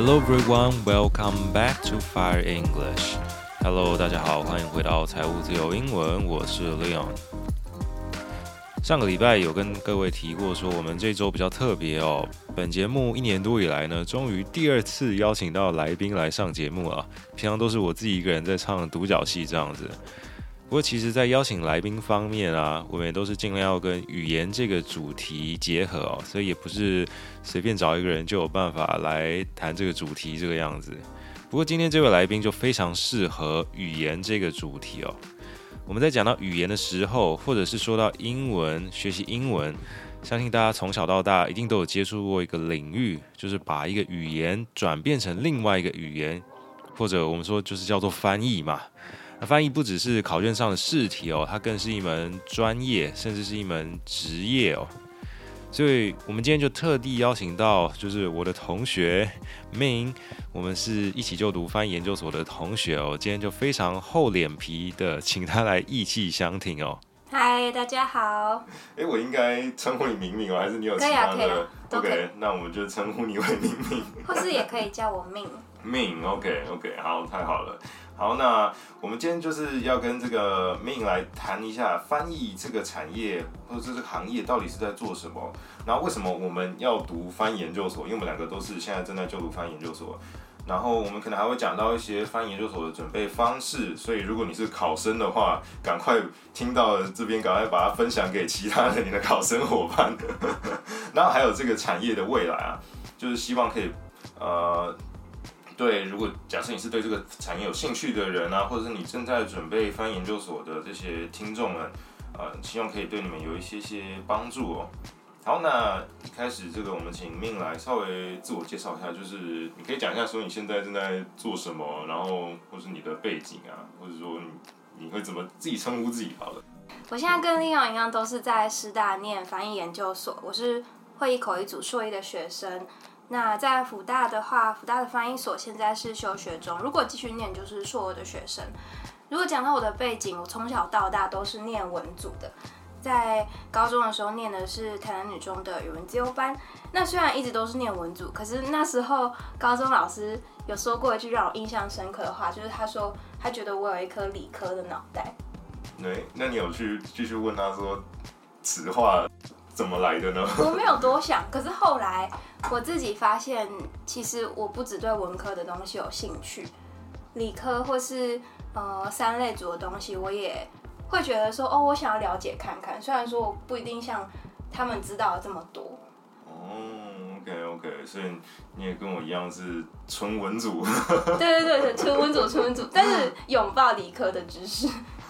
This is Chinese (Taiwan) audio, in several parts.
Hello everyone, welcome back to Fire English. Hello，大家好，歡迎回到財務自由英文，我是 Leon。上個禮拜有跟各位提過說我們這週比較特別哦。本節目一年多以來呢，終於第二次邀請到來賓來上節目啊。平常都是我自己一個人在唱獨角戲這樣子。不過其實，在邀請來賓方面啊，我們也都是盡量要跟語言這個主題結合哦，所以也不是隨便找一個人就有辦法來談這個主題這個樣子。不過今天這位來賓就非常適合語言這個主題哦。我們在講到語言的時候，或者是說到英文，學習英文，相信大家從小到大一定都有接觸過一個領域，就是把一個語言轉變成另外一個語言，或者我們說就是叫做翻譯嘛。翻譯不只是考卷上的試題哦，它更是一門專業，甚至是一門職業哦。所以我們今天就特地邀請到，就是我的同學 Ming，我們是一起就讀翻譯研究所的同學哦。今天就非常厚臉皮的請他來意氣相挺哦。嗨，大家好。哎、欸，我應該稱呼你明明哦，還是你有其他的可以、啊、可以可以？OK，那我們就稱呼你為明明。 或是也可以叫我 Ming。Ming OK OK，好，太好了。好，那我們今天就是要跟這個 Ming 來談一下翻譯這個產業或者這個行業到底是在做什麼。然後為什麼我們要讀翻研究所？因為我們兩個都是現在正在就讀翻研究所。然後我們可能還會講到一些翻研究所的準備方式。所以如果你是考生的話，趕快聽到這邊，趕快把它分享給其他的你的考生伙伴。 然後還有這個產業的未來啊，就是希望可以呃。對，如果假設你是對這個產業有興趣的人啊，或者是你正在準備翻譯研究所的這些聽眾們，呃，希望可以對你們有一些些幫助哦。好，那開始這個，我們請 Ming 來稍微自我介紹一下，就是你可以講一下說你現在正在做什麼，然後或是你的背景啊，或者說你，你會怎麼自己稱呼自己，好的。我現在跟麗穎一樣，都是在師大念翻譯研究所，我是會議口譯組碩一的學生。那在福大的話，福大的翻譯所現在是休學中。如果繼續念，就是碩二的學生。如果講到我的背景，我從小到大都是念文組的。在高中的時候，念的是台南女中的語文資優班。那雖然一直都是念文組，可是那時候高中老師有說過一句讓我印象深刻的話，就是他說他覺得我有一顆理科的腦袋。對，那你有去繼續問他說此話？怎麼來的呢？我沒有多想，可是後來我自己發現，其實我不只對文科的東西有興趣，理科或是呃三類組的東西，我也會覺得說，哦，我想要了解看看。雖然說我不一定像他們知道這麼多。哦，OK OK，所以你也跟我一樣是純文組。 對對對，純文組，純文組，但是擁抱理科的知識，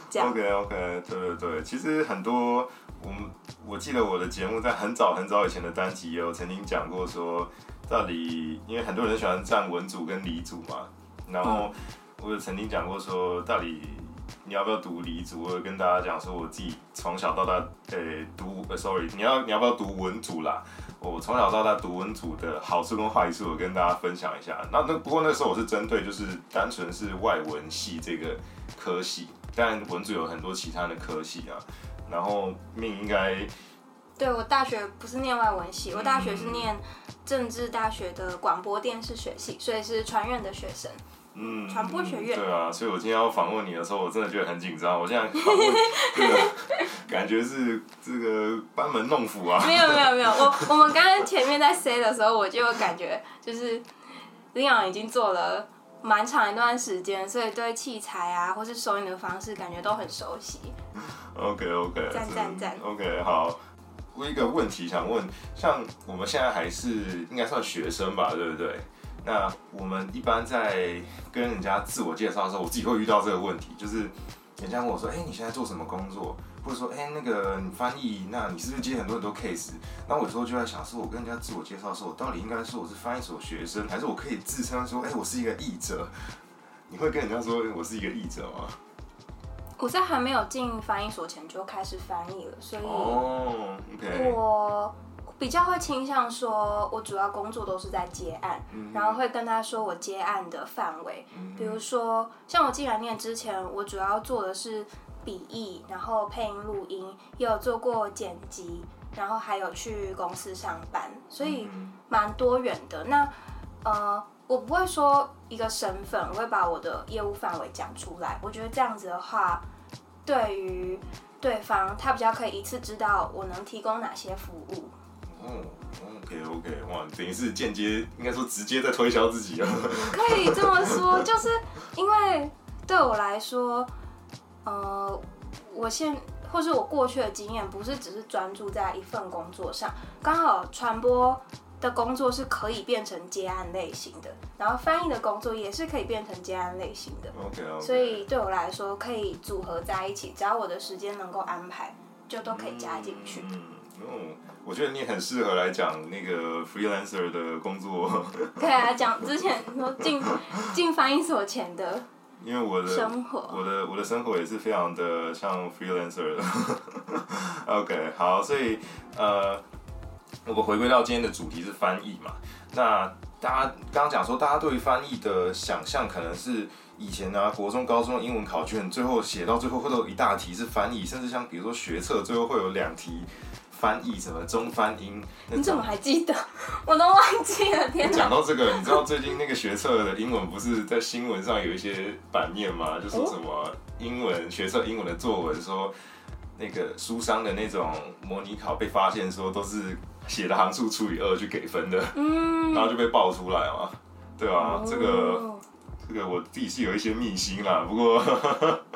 這樣。OK OK，對對對，其實很多。我我記得我的節目在很早很早以前的單集有曾經講過說到底，因為很多人喜歡站文組跟理組嘛，然後我有曾經講過說到底你要不要讀理組，我有跟大家講說我自己從小到大誒、欸、讀、呃、sorry 你要你要不要讀文組啦，我從小到大讀文組的好處跟壞處我跟大家分享一下，那那不過那時候我是針對就是單純是外文系這個科系，但文組有很多其他的科系啊。然後，Ming 應該對我大學不是念外文系。嗯，我大學是念政治大學的廣播電視學系，所以是傳院的學生。嗯，傳播學院對啊，所以我今天要訪問你的時候，我真的覺得很緊張。我現在訪問、這個，真 的感覺是這個班門弄斧啊。 沒有沒有沒有，我我們剛剛前面在 say 的時候，我就感覺就是 Leon 已經做了蠻長一段時間，所以對器材啊或是收音的方式，感覺都很熟悉。OK OK，讚，讚，OK 好，我一個問題想問，像我們現在還是應該算學生吧，對不對？那我們一般在跟人家自我介紹的時候，我自己會遇到這個問題，就是人家問我說，哎、欸，你現在做什麼工作？或者說，哎、欸，那個你翻譯，那你是不是接很多很多 case？那我有時候就在想說，說我跟人家自我介紹的時候，我到底應該說我是翻譯所學生，還是我可以自稱說，哎、欸，我是一個譯者？你會跟人家說、欸、我是一個譯者嗎？我在還沒有進翻譯所前就開始翻譯了，所以，我比較會傾向說，我主要工作都是在接案，然後會跟他說我接案的範圍，比如說，像我進來念之前，我主要做的是筆譯，然後配音錄音，也有做過剪輯，然後還有去公司上班，所以蠻多元的。那，呃。我不會說一個身份，我會把我的業務範圍講出來。我覺得這樣子的話，對於對方他比較可以一次知道我能提供哪些服務。哦，OK OK，哇，等於是間接，應該說直接在推銷自己啊。 可以這麼說，就是因為對我來說，呃，我現或是我過去的經驗，不是只是專注在一份工作上，剛好傳播。的工作是可以變成接案類型的，然後翻譯的工作也是可以變成接案類型的。Okay, okay. 所以對我來說，可以組合在一起，只要我的時間能夠安排，就都可以加進去。嗯，嗯、哦，我覺得你很適合來講那個 freelancer 的工作。對 啊，講之前說進進翻譯所前的。因為我的生活，我的我的生活也是非常的像 freelancer 的。 OK，好，所以呃。我們回歸到今天的主題是翻譯嘛，那大家剛剛講說，大家對於翻譯的想象可能是以前呢、啊，國中、高中的英文考卷最後寫到最後會有一大題是翻譯，甚至像比如說學測最後會有兩題翻譯，什麼中翻英？你怎麼還記得？我都忘記了，天哪！講到這個，你知道最近那個學測的英文不是在新聞上有一些版面嗎？就是什麼、啊、英文學測英文的作文說，說那個書商的那種模擬考被發現說都是。寫的行數除以二去給分的，嗯，然後就被爆出來嘛，對吧，啊哦，這個這個我自己是有一些秘辛啦，不過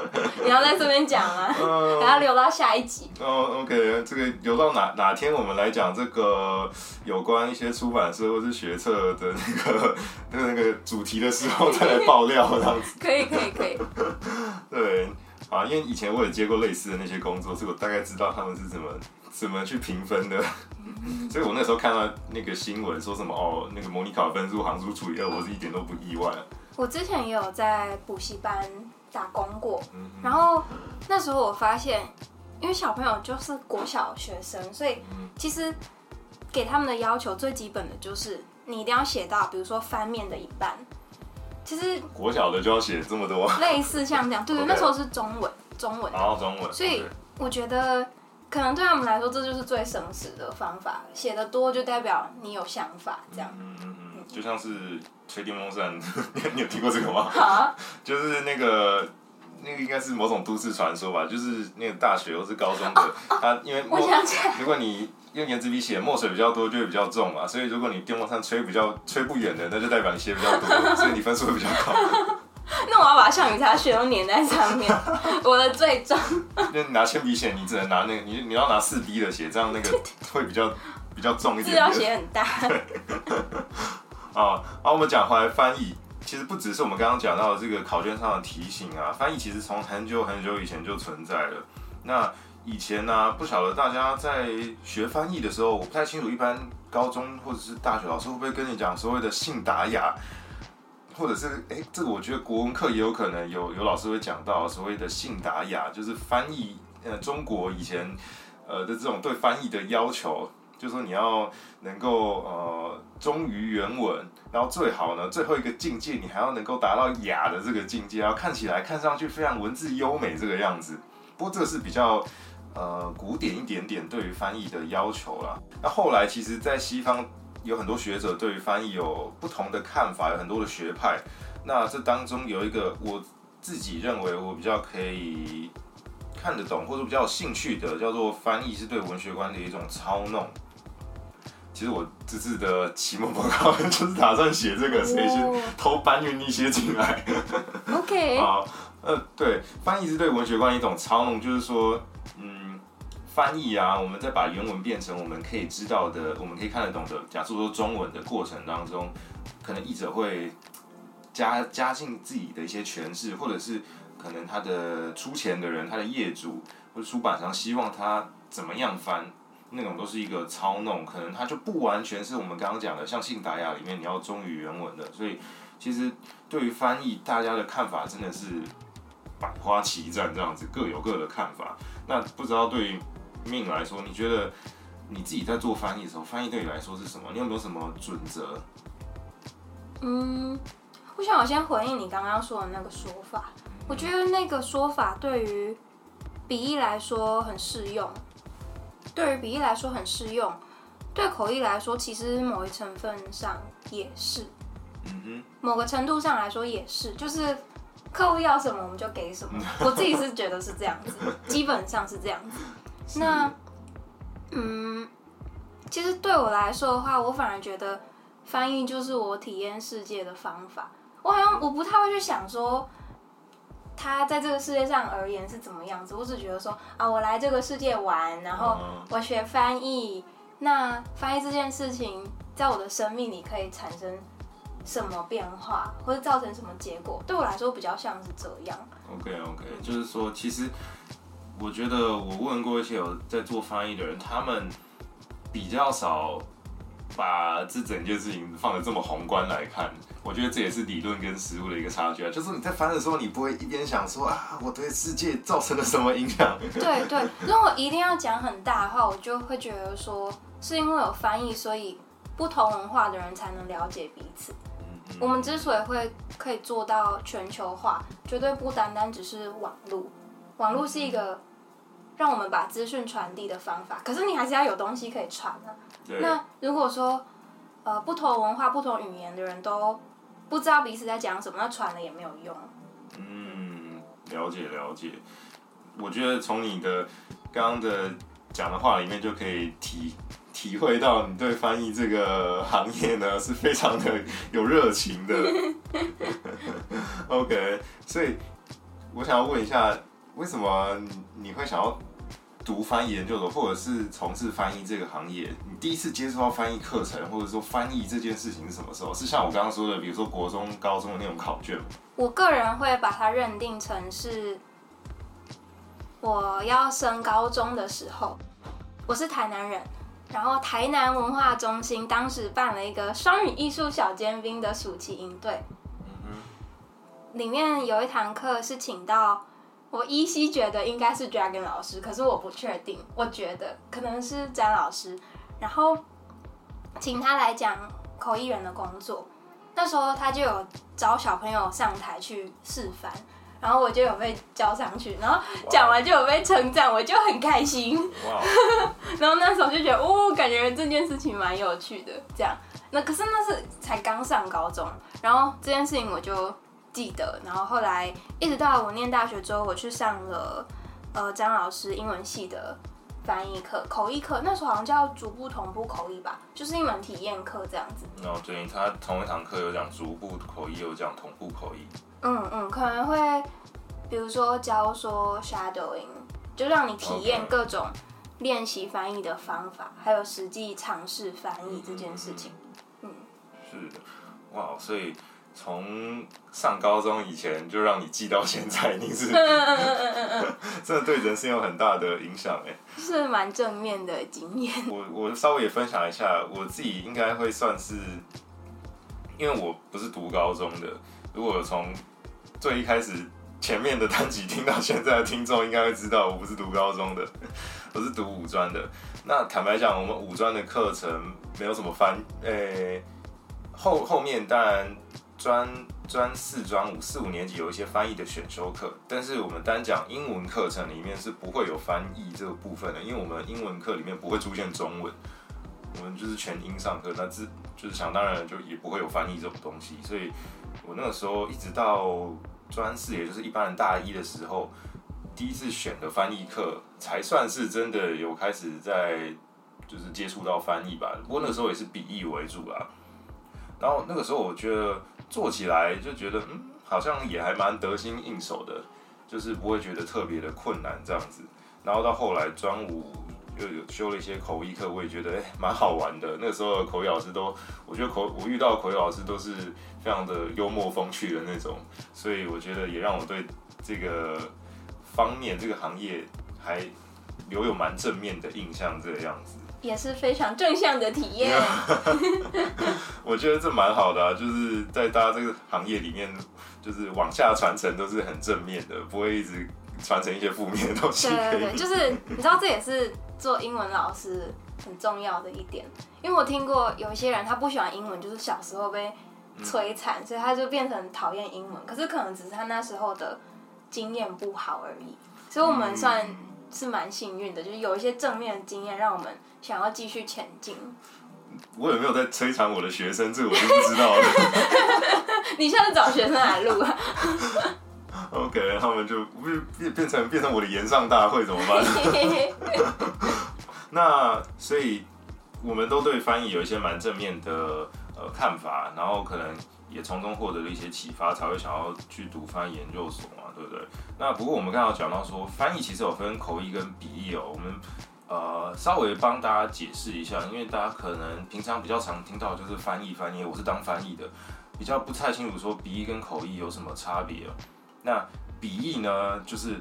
你要在這邊講啊？還，嗯，要留到下一集。哦，嗯嗯，OK，這個留到哪哪天我們來講這個有關一些出版社或是學測的那個那個主題的時候再來爆料，這樣子可以可以可以。可以可以 對啊，因為以前我也接過類似的那些工作，所以我大概知道他們是怎麼。怎麼去評分的、嗯？所以我那時候看到那個新聞說什麼哦，那個模擬考分數行數除以二，我是一點都不意外。我之前也有在補習班打工過，嗯、然後那時候我發現，因為小朋友就是國小學生，所以其實給他們的要求最基本的就是你一定要寫到，比如說翻面的一半。其實國小的就要寫這麼多，類似像這樣，對、啊、 對，okay. 那時候是中文，中文，然後中文。所以我覺得。Okay. 可能對他們來說，這就是最省時的方法。寫的多就代表你有想法，這樣。嗯嗯嗯，就像是吹電風扇，你有聽過這個嗎、啊？就是那個，那個應該是某種都市傳說吧。就是那個大學或是高中的，他、哦哦啊、因為墨，如果你用原子筆寫，墨水比較多就會比較重嘛。所以如果你電風扇吹比較吹不遠的，那就代表你寫比較多， 所以你分數會比較高。 那我要把橡皮擦血都粘在上面， 我的最重。那 拿鉛筆寫，你只能拿那個，你你要拿 4B 的寫，這樣那個會比較 比較重一點，點。字要寫很大。對、 哦。好，我們講回來翻譯。其實不只是我們剛剛講到的這個考卷上的題型啊，翻譯其實從很久很久以前就存在了。那以前呢、啊，不曉得大家在學翻譯的時候，我不太清楚，一般高中或者是大學老師會不會跟你講所謂的信達雅。或者是哎、欸，這個我覺得國文課也有可能有有老師會講到所謂的信達雅，就是翻譯呃中國以前呃的這種對翻譯的要求，就是說你要能夠呃忠於原文，然後最好呢最後一個境界你還要能夠達到雅的這個境界，然後看起來看上去非常文字優美這個樣子。不過這是比較呃古典一點點對於翻譯的要求了。那後來其實，在西方。有很多學者對於翻譯有不同的看法，有很多的學派。那這當中有一個我自己認為我比較可以看得懂，或者比較有興趣的，叫做翻譯是對文學觀的一種操弄。其實我這次的期末報告就是打算寫這個，以、oh yeah. 先偷搬運一些進來？OK， 好，對，翻譯是對文學觀的一種操弄，就是說，嗯。翻譯啊，我們再把原文變成我們可以知道的，我們可以看得懂的，假如說中文的過程當中，可能譯者會加、加進自己的一些詮釋，或者是可能他的出錢的人，他的業主或者出版商希望他怎麼樣翻，那種都是一個操弄，可能他就不完全是我們剛剛講的，像《信達雅》裡面你要忠於原文的，所以其實對於翻譯大家的看法真的是百花齊綻這樣子，各有各的看法。那不知道對於 Ming 來說，你覺得你自己在做翻譯的時候，翻譯對你來說是什麼？你有沒有什麼準則？嗯，我想我先回應你剛剛說的那個說法、嗯。我覺得那個說法對於筆譯來說很適用，對於筆譯來說很適用，對口譯來說其實某一成分上也是。嗯哼，某個程度上來說也是，就是客戶要什麼我們就給什麼、嗯。我自己是覺得是這樣子， 基本上是這樣子。那，嗯，其實對我來說的話，我反而覺得翻譯就是我體驗世界的方法。我好像我不太會去想說，他在這個世界上而言是怎麼樣子。我只覺得說啊，我來這個世界玩，然後我學翻譯，啊。那翻譯這件事情，在我的生命裡可以產生什麼變化，或者造成什麼結果？對我來說，比較像是這樣。OK，OK，okay, okay. 就是說，其實。我覺得我問過一些有在做翻譯的人，他們比較少把這整件事情放得這麼宏觀來看。我覺得這也是理論跟實務的一個差距，啊。就是你在翻譯的時候，你不會一邊想說啊，我對世界造成了什麼影響？對對，如果一定要講很大的話，我就會覺得說，是因為有翻譯，所以不同文化的人才能了解彼此。嗯。我們之所以會可以做到全球化，絕對不單單只是網絡，網絡是一個。讓我們把資訊傳遞的方法，可是你還是要有東西可以傳啊。對。那如果說，呃，不同文化、不同語言的人都不知道彼此在講什麼，那傳了也沒有用。嗯，了解了解。我覺得從你的剛剛的講的話裡面，就可以體體會到你對翻譯這個行業呢是非常的有熱情的。 OK，所以，我想要問一下，為什麼你會想要？讀翻譯研究所，或者是從事翻譯這個行業，你第一次接觸到翻譯課程，或者說翻譯這件事情是什麼時候？是像我剛剛說的，比如說國中、高中的那種考卷嗎？我個人會把它認定成是我要升高中的時候，我是台南人，然後台南文化中心當時辦了一個雙語藝術小尖兵的暑期營隊，嗯、裡面有一堂課是請到。我依稀覺得應該是 Dragon 老師，可是我不確定。我覺得可能是詹老師，然後請他來講口譯員的工作。那時候他就有找小朋友上台去示範，然後我就有被叫上去，然後講完就有被稱讚，我就很開心。Wow. 然後那時候就覺得，哦，感覺這件事情蠻有趣的。這樣，那可是那是才剛上高中，然後這件事情我就記得，然後後來一直到我念大學之後，我去上了呃張老師英文系的翻譯課、口譯課，那時候好像叫逐步同步口譯吧，就是一門體驗課這樣子。那我最近他同一堂課有講逐步口譯，有講同步口譯。嗯嗯，可能會比如說教說 shadowing，就讓你體驗各種練習翻譯的方法，okay. 還有實際嘗試翻譯這件事情。嗯，嗯嗯嗯是的，哇，所以。從上高中以前就讓你記到現在，你是 真的對人生有很大的影響哎，是蠻正面的經驗。我我稍微也分享一下，我自己應該會算是，因為我不是讀高中的。如果從最一開始前面的單集聽到現在的聽眾，應該會知道我不是讀高中的，我是讀五專的。那坦白講，我們五專的課程沒有什麼翻，誒、欸，後後面當然。專專四、專五四五年級有一些翻譯的選修課，但是我們單講英文課程裡面是不會有翻譯這個部分的，因為我們英文課裡面不會出現中文，我們就是全英上課，那自就是想當然就也不會有翻譯這種東西。所以，我那個時候一直到專四，也就是一般人大一的時候，第一次選的翻譯課，才算是真的有開始在就是接觸到翻譯吧。不過那個時候也是筆譯為主啦、啊。然後那個時候我覺得。做起來就覺得嗯，好像也還蠻得心應手的，就是不會覺得特別的困難這樣子。然後到後來，專五又有修了一些口譯課，我也覺得哎，欸，蠻好玩的。那時候的口譯老師都，我覺得口我，我遇到的口譯老師都是非常的幽默風趣的那種，所以我覺得也讓我對這個方面這個行業還留有蠻正面的印象這樣子。也是非常正向的體驗，yeah.。 我覺得這蠻好的，啊，就是在大家這個行業裡面，就是往下傳承都是很正面的，不會一直傳承一些負面的東西。對對對，就是你知道，這也是做英文老師很重要的一點。因為我聽過有一些人他不喜歡英文，就是小時候被摧殘，嗯，所以他就變成討厭英文。可是可能只是他那時候的經驗不好而已，所以我們算，嗯。是蠻幸運的，就是有一些正面的經驗，讓我們想要繼續前進。我有沒有在摧殘我的學生？這個我就不知道了。 你下次找學生來錄、啊、 ？OK，他們就變變成變成我的顏上大會怎麼辦？ 那所以我們都對翻譯有一些蠻正面的呃看法，然後可能，也從中獲得了一些啟發，才會想要去讀翻譯研究所嘛，啊，對不對？那不過我們剛剛講到說，翻譯其實有分口譯跟筆譯哦。我們呃稍微幫大家解釋一下，因為大家可能平常比較常聽到就是翻譯翻譯，我是當翻譯的，比較不太清楚說筆譯跟口譯有什麼差別哦。那筆譯呢，就是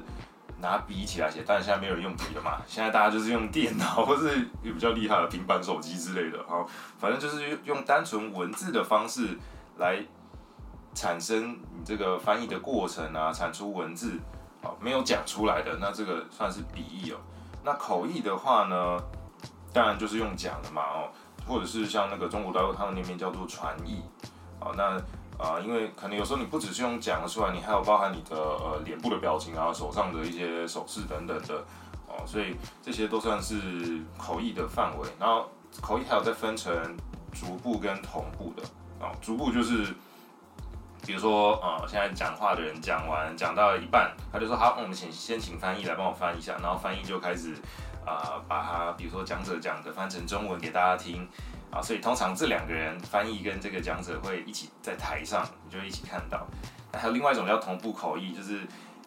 拿筆一起來寫，但是現在沒有人用筆了嘛，現在大家就是用電腦或是有比較厲害的平板手機之類的哈，反正就是用單純文字的方式。來產生你這個翻譯的過程啊，產出文字啊、哦，沒有講出來的，那這個算是筆譯哦。那口譯的話呢，當然就是用講的嘛哦，或者是像那個中國大陸他們那邊叫做傳譯哦。那啊、呃，因為可能有時候你不只是用講的出來，你還有包含你的呃臉部的表情啊，手上的一些手勢等等的哦，所以這些都算是口譯的範圍。然後口譯還有再分成逐步跟同步的。逐步就是，比如說，啊、呃，現在講話的人講完講到一半，他就說好，我們請先請翻譯來幫我翻譯一下，然後翻譯就開始，啊、呃，把他比如說講者講的翻成中文給大家聽，啊，所以通常這兩個人翻譯跟這個講者會一起在台上，就一起看到。那還有另外一種叫同步口譯，就是，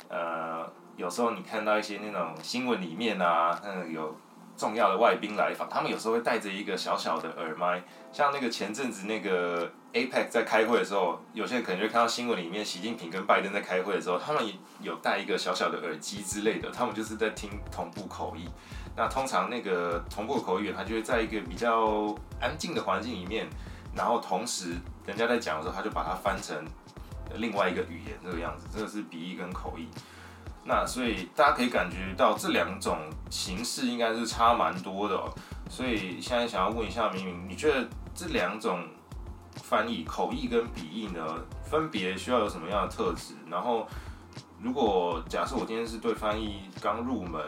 呃，有時候你看到一些那種新聞裡面啊，那個有重要的外賓來訪，他們有時候會帶着一個小小的耳麥，像那個前陣子那個。APEC 在開會的時候，有些人可能就看到新聞裡面，習近平跟拜登在開會的時候，他們也有戴一個小小的耳機之類的，他們就是在聽同步口譯。那通常那個同步口譯員他就會在一個比較安靜的環境裡面，然後同時人家在講的時候，他就把它翻成另外一個語言，這個樣子，這個是筆譯跟口譯。那所以大家可以感覺到這兩種形式應該是差蠻多的哦。所以現在想要問一下明明，你覺得這兩種？翻譯、口譯跟筆譯呢，分別需要有什麼樣的特質？然後，如果假設我今天是對翻譯剛入門，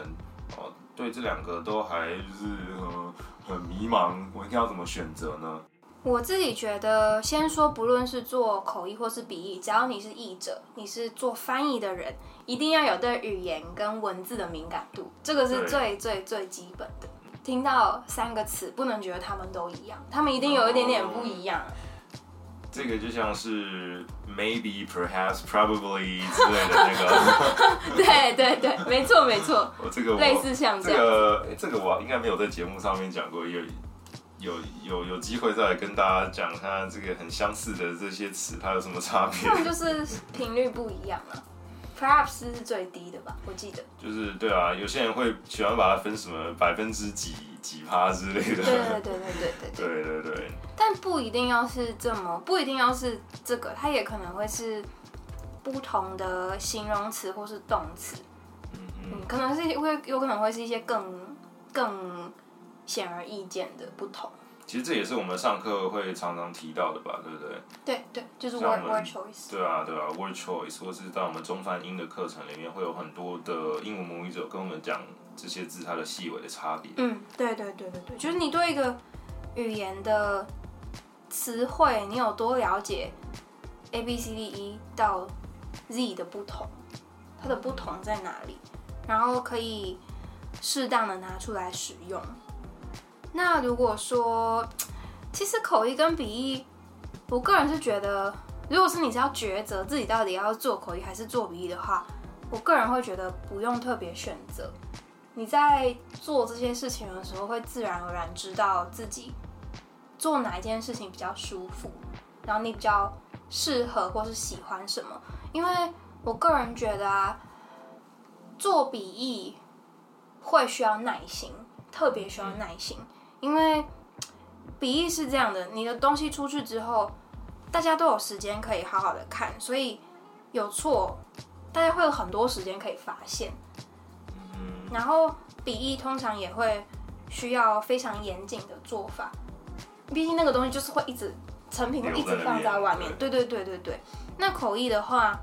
哦，對這兩個都還是、呃、很迷茫，我應該要怎麼選擇呢？我自己覺得，先說不論是做口譯或是筆譯，只要你是譯者，你是做翻譯的人，一定要有對語言跟文字的敏感度，這個是最最最基本的。聽到三個詞，不能覺得他們都一樣，他們一定有一點點不一樣。哦這個就像是 maybe perhaps probably 之類的那個 。對對對，沒錯沒錯。我、 哦、這個我類似像這、這個這個我應該沒有在節目上面講過，有有有有機會再來跟大家講，它這個很相似的這些詞，它有什麼差別？就是頻率不一樣了、啊。 Perhaps 是最低的吧，我記得。就是對啊，有些人會喜歡把它分什麼百分之幾。奇葩之類的， 對對對對對對 對對對,對。 但不一定要是這麼，不一定要是這個，它也可能會是不同的形容詞或是動詞。嗯,嗯,嗯可能是因為有可能會是一些更更顯而易見的不同。其實這也是我們上課會常常提到的吧，對不對？ 對對，就是 word word choice。對啊對啊，word choice，或是在我們中翻英的課程裡面，會有很多的英文母語者跟我們講。這些字它的細微的差別，嗯，對對對對對，就是你對一個語言的詞彙，你有多了解，A B C D E 到 Z 的不同，它的不同在哪裡，然後可以適當的拿出來使用。那如果說，其實口譯跟筆譯，我個人是覺得，如果是你是要抉擇自己到底要做口譯還是做筆譯的話，我個人會覺得不用特別選擇。你在做這些事情的時候，會自然而然知道自己做哪一件事情比較舒服，然後你比較適合或是喜歡什麼。因為我個人覺得啊，做筆譯會需要耐心，特別需要耐心，嗯、因為筆譯是這樣的，你的東西出去之後，大家都有時間可以好好的看，所以有錯，大家會有很多時間可以發現。然後筆譯通常也會需要非常嚴謹的做法，畢竟那個東西就是會一直，成品會一直放在外面對。對對對對對。那口譯的話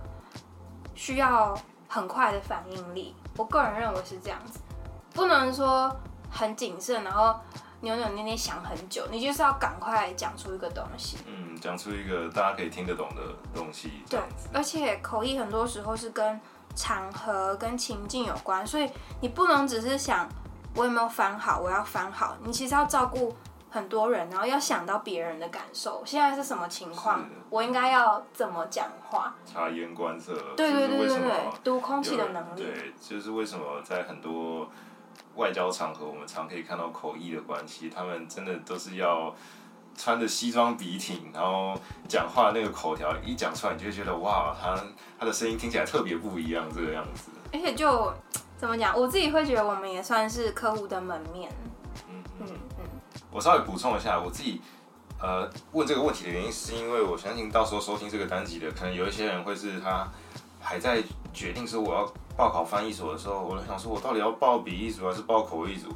需要很快的反應力，我個人認為是這樣子，不能說很謹慎，然後扭扭捏捏想很久，你就是要趕快講出一個東西。嗯，講出一個大家可以聽得懂的東西。對，而且口譯很多時候是跟。場合跟情境有關，所以你不能只是想我有沒有翻好，我要翻好。你其實要照顧很多人，然後要想到別人的感受。現在是什麼情況，我應該要怎麼講話？察言觀色，對對對對對，就是、讀空氣的能力。對，就是為什麼在很多外交場合，我們常可以看到口譯的關係，他們真的都是要。穿着西裝筆挺，然後講話那個口條一講出來，你就會覺得哇，他他的聲音聽起來特別不一樣這個樣子。而且就怎麼講，我自己會覺得我們也算是客戶的門面。嗯嗯嗯。我稍微補充一下，我自己呃問這個問題的原因，是因為我相信到時候收聽這個單集的，可能有一些人會是他還在決定說我要報考翻譯所的時候，我就想說我到底要報筆譯組還是報口譯組。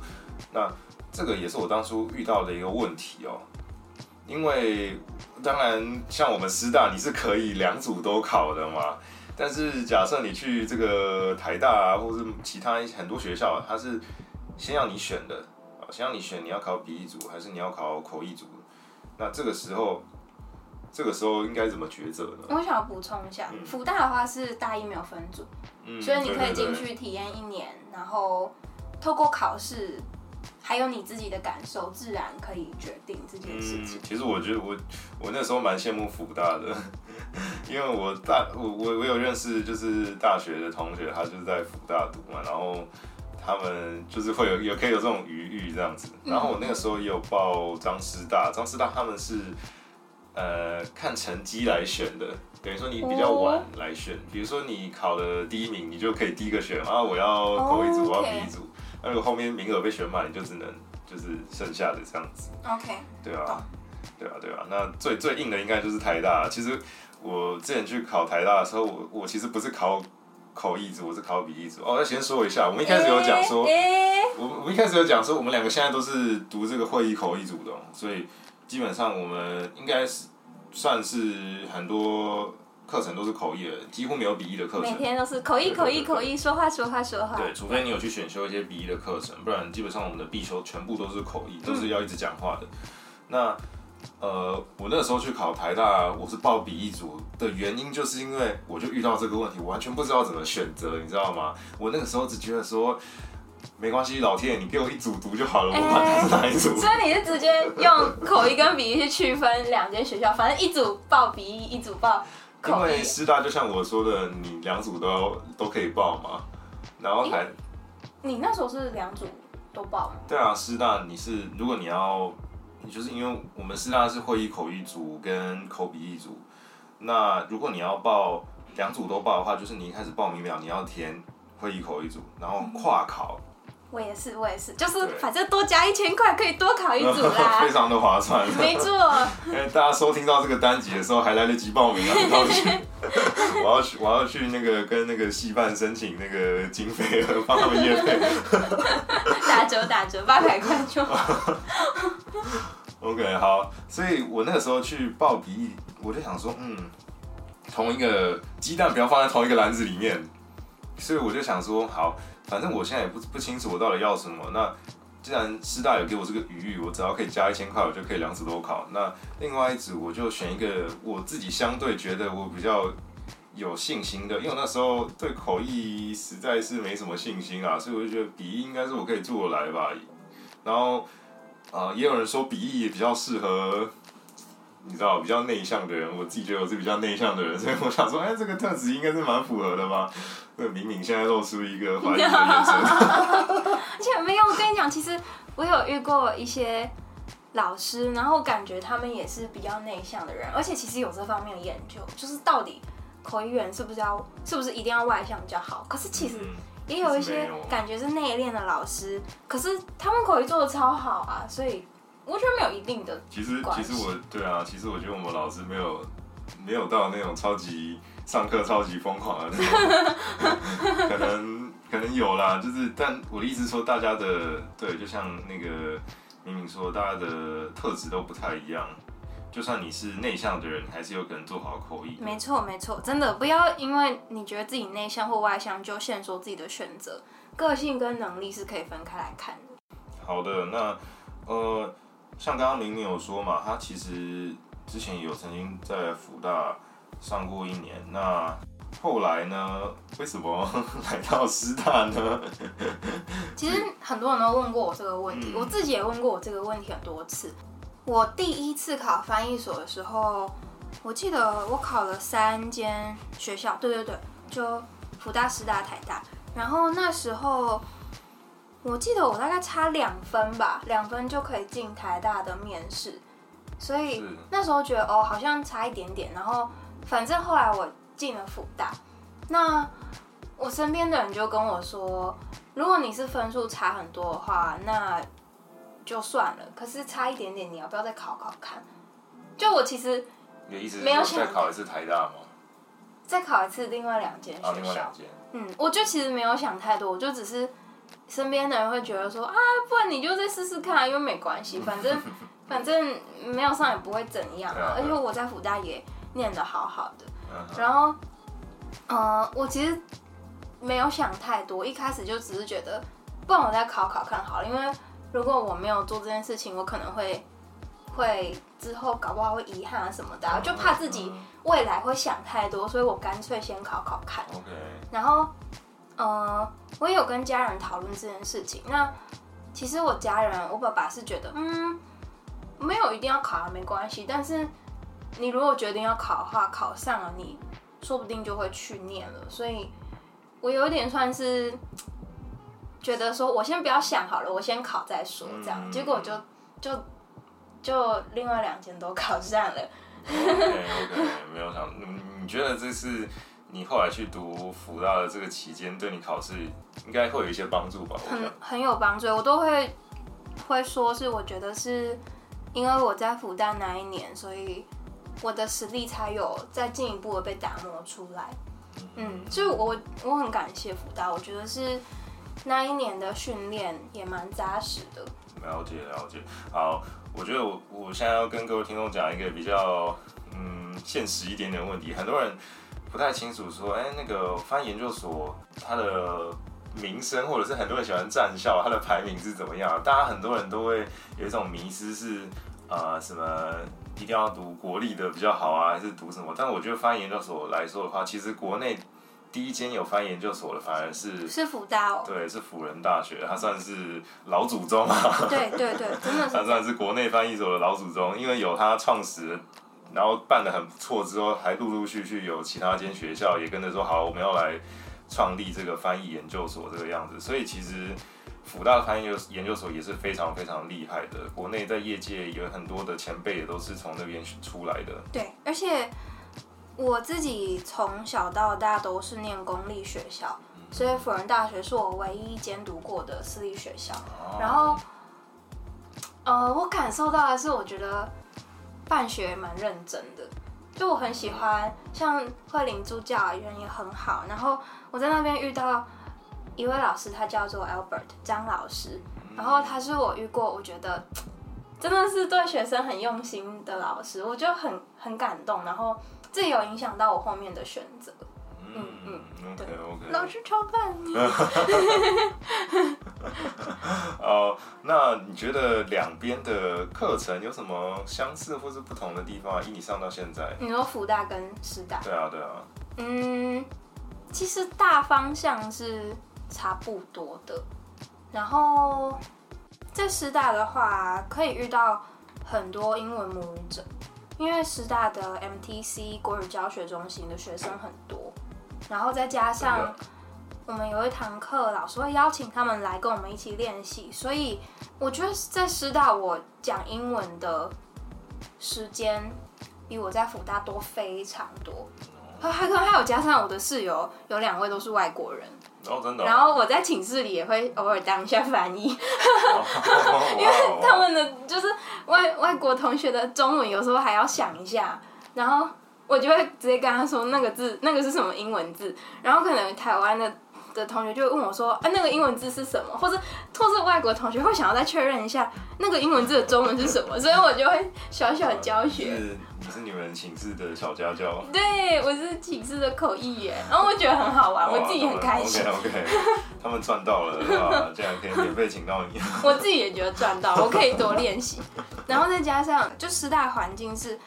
那這個也是我當初遇到的一個問題哦。因為當然，像我們師大，你是可以兩組都考的嘛。但是假設你去這個台大、啊、或是其他一很多學校、啊，它是先要你選的，先讓你選你要考筆譯組還是你要考口譯組。那這個時候，這個時候應該怎麼抉擇呢？我想要補充一下，輔大的話是大一沒有分組、嗯，所以你可以進去體驗一年，嗯、對對對，然後透過考試。還有你自己的感受，自然可以決定這件事情、嗯。其實我覺得我我那時候蠻羨慕輔大的，因為我大我我我有認識就是大學的同學，他就是在輔大讀嘛，然後他們就是會有也可以有這種餘裕這樣子。然後我那個時候也有報彰師大，彰師大他們是呃看成績來選的，等於說，你比較晚來選、哦，比如說你考了第一名，你就可以第一個選。啊，我要投一組，哦、我要比一組。Okay. 那如果後面名額被選滿，你就只能就是剩下的這樣子。OK，oh。對啊，對啊，對啊。那最最硬的應該就是台大。其實我之前去考台大的時候，我我其實不是考口譯組，我是考筆譯組。哦，那先說一下，我們一開始有講說，欸，我我一開始有講說，我們兩個現在都是讀這個會議口譯組的，所以基本上我們應該是算是很多。課程都是口譯的，幾乎沒有筆譯的課程。每天都是口譯，口譯，口譯，說話，說話，說話。對，除非你有去選修一些筆譯的課程，不然基本上我們的必修全部都是口譯、嗯，都是要一直講話的。那呃，我那時候去考台大，我是報筆譯組的原因，就是因為我就遇到這個問題，我完全不知道怎麼選擇，你知道嗎？我那個時候只覺得說，沒關係，老天爺你給我一組讀就好了，欸、我管它是哪一組。所以你就直接用口譯跟筆譯去區分兩間學校， 反正一組報筆譯，一組報。因為師大就像我說的，你兩組都都可以報嘛，然後還，你那時候是兩組都報？對啊，師大你是如果你要，你就是因為我們師大是會議口譯組跟口筆譯組，那如果你要報兩組都報的話，就是你一開始報名表你要填會議口譯組，然後跨考。嗯我也是，我也是，就是反正多加一千塊可以多考一組啦，嗯、非常的划算。嗯、沒錯。因、欸、為大家收聽到這個單集的時候還來得及報名啊， 我要去，我要去，那個跟那個系辦申請那個經費，幫他們約費。 打折打折，八百塊就好。 OK，好，所以我那個時候去報筆，我就想說，嗯，同一個雞蛋不要放在同一個籃子裡面，所以我就想說，好。反正我現在也不不清楚我到底要什麼。那既然師大有給我這個餘裕，我只要可以加一千塊，我就可以兩支都考。那另外一組我就選一個我自己相對覺得我比較有信心的，因為那時候對口譯實在是沒什麼信心啊，所以我就覺得筆譯應該是我可以做得來吧。然後啊、呃，也有人說筆譯也比較適合。你知道，比較內向的人，我自己覺得我是比較內向的人，所以我想說，哎、欸，這個特質應該是蠻符合的吧？明明現在露出一個懷疑的眼神 而且沒有，我跟你講，其實我有遇過一些老師，然後感覺他們也是比較內向的人，而且其實有這方面的研究，就是到底口譯員是不是要，是不是一定要外向比較好？可是其實也有一些感覺是內斂的老師、嗯，可是他們口譯做的超好啊，所以。完全沒有一定的。其實，其實我對啊，其實我覺得我們老師沒有沒有到那種超級上課超級瘋狂的那種。 可能可能有啦，就是，但我的意思說，大家的對，就像那個明明說，大家的特質都不太一樣。就算你是內向的人，還是有可能做好口譯。沒錯，沒錯，真的不要因為你覺得自己內向或外向，就限縮自己的選擇。個性跟能力是可以分開來看的。好的，那呃。像剛剛 Ming 有說嘛，他其實之前有曾經在輔大上過一年，那後來呢，為什麼來到師大呢？其實很多人都問過我這個問題，嗯、我自己也問過我這個問題很多次。我第一次考翻譯所的時候，我記得我考了三間學校，對對對，就輔大、師大、台大。然後那時候。我記得我大概差兩分吧，兩分就可以進台大的面試，所以那時候覺得哦，好像差一點點。然後反正後來我進了輔大，那我身邊的人就跟我說，如果你是分數差很多的話，那就算了。可是差一點點，你要不要再考考看？就我其實，沒有想。你的意思是說再考一次台大嗎？再考一次另外兩間學校，另外兩間。嗯，我就其實沒有想太多，我就只是。身邊的人會覺得說啊，不然你就再試試看啊，因為沒關係，反正反正沒有上也不會怎樣啊，而且我在輔大也念得好好的。然後，呃，我其實沒有想太多，一開始就只是覺得，不然我再考考看好了，因為如果我沒有做這件事情，我可能會會之後搞不好會遺憾啊什麼的啊，就怕自己未來會想太多，所以我乾脆先考考看。然後。呃，我也有跟家人討論這件事情。那其實我家人，我爸爸是覺得，嗯，沒有一定要考啊，沒關係。但是你如果決定要考的話，考上了你，你說不定就會去念了。所以我有一點算是覺得，說我先不要想好了，我先考再說。這樣，嗯，結果就就就另外兩間都考上了。哦。Okay, okay, 沒有，我可能沒有想，你你覺得這是？你後來去讀輔大的這個期間，對你考試應該會有一些幫助吧？很、嗯、很有幫助，我都會會說是，我覺得是因為我在輔大那一年，所以我的實力才有再進一步的被打磨出來。嗯，嗯，所以我我很感謝輔大，我覺得是那一年的訓練也蠻扎實的。了解，了解，好，我覺得我我現在要跟各位聽眾講一個比較嗯，現實一點點的問題，很多人。不太清楚說，說、欸、哎，那個翻研究所它的名聲，或者是很多人喜歡戰校，它的排名是怎麼樣？大家很多人都會有一種迷思，是、呃、啊，什麼一定要讀國立的比較好啊，還是讀什麼？但我覺得翻研究所來說的話，其實國內第一間有翻研究所的，反而是是輔大哦、喔，對，是輔仁大學，它算是老祖宗啊，對對對，真的它算是國內翻譯所的老祖宗，因為有它創始人然後辦得很不錯，之後還陸陸續續，續有其他間學校也跟着說好，我們要來創立這個翻譯研究所這個樣子。所以其實輔大翻譯研究所也是非常非常厲害的，國內在業界有很多的前輩也都是從那邊出來的。對，而且我自己從小到大都是念公立學校，嗯、所以輔仁大學是我唯一就讀過的私立學校。嗯，然後，呃，我感受到的是，我覺得。辦學也蠻認真的，就我很喜歡，像慧玲助教人也很好。然後我在那邊遇到一位老師，他叫做 Albert 張老師，然後他是我遇過我覺得真的是對學生很用心的老師，我就很很感動。然後，這有影響到我後面的選擇。嗯嗯，嗯，OK OK，老師超讚。哦， 那你覺得兩邊的課程有什麼相似或是不同的地方？以你上到現在，你說福大跟師大？對啊對啊。嗯，其實大方向是差不多的。然後在師大的話，可以遇到很多英文母語者，因為師大的 MTC 國語教學中心的學生很多。 然後再加上，我們有一堂課，老師會邀請他們來跟我們一起練習。所以我覺得在師大我講英文的時間比我在輔大多非常多還。還可能還有加上我的室友有兩位都是外國人。然後我在寢室裡也會偶爾當一下翻譯，因為他們的就是外外國同學的中文有時候還要想一下，然後。我就會直接跟他說那個字，那個是什麼英文字，然後可能台灣的的同學就會問我說，啊那個英文字是什麼？或者或是外國同學會想要再確認一下那個英文字的中文是什麼，所以我就會小小的教學。嗯，你是你們寢室的小家教？對，我是寢室的口譯員，然後我覺得很好玩，我自己很開心。OK OK，他們賺到了，這 樣可以免費請到你。 我自己也覺得賺到，我可以多練習，然後再加上就師大環境是。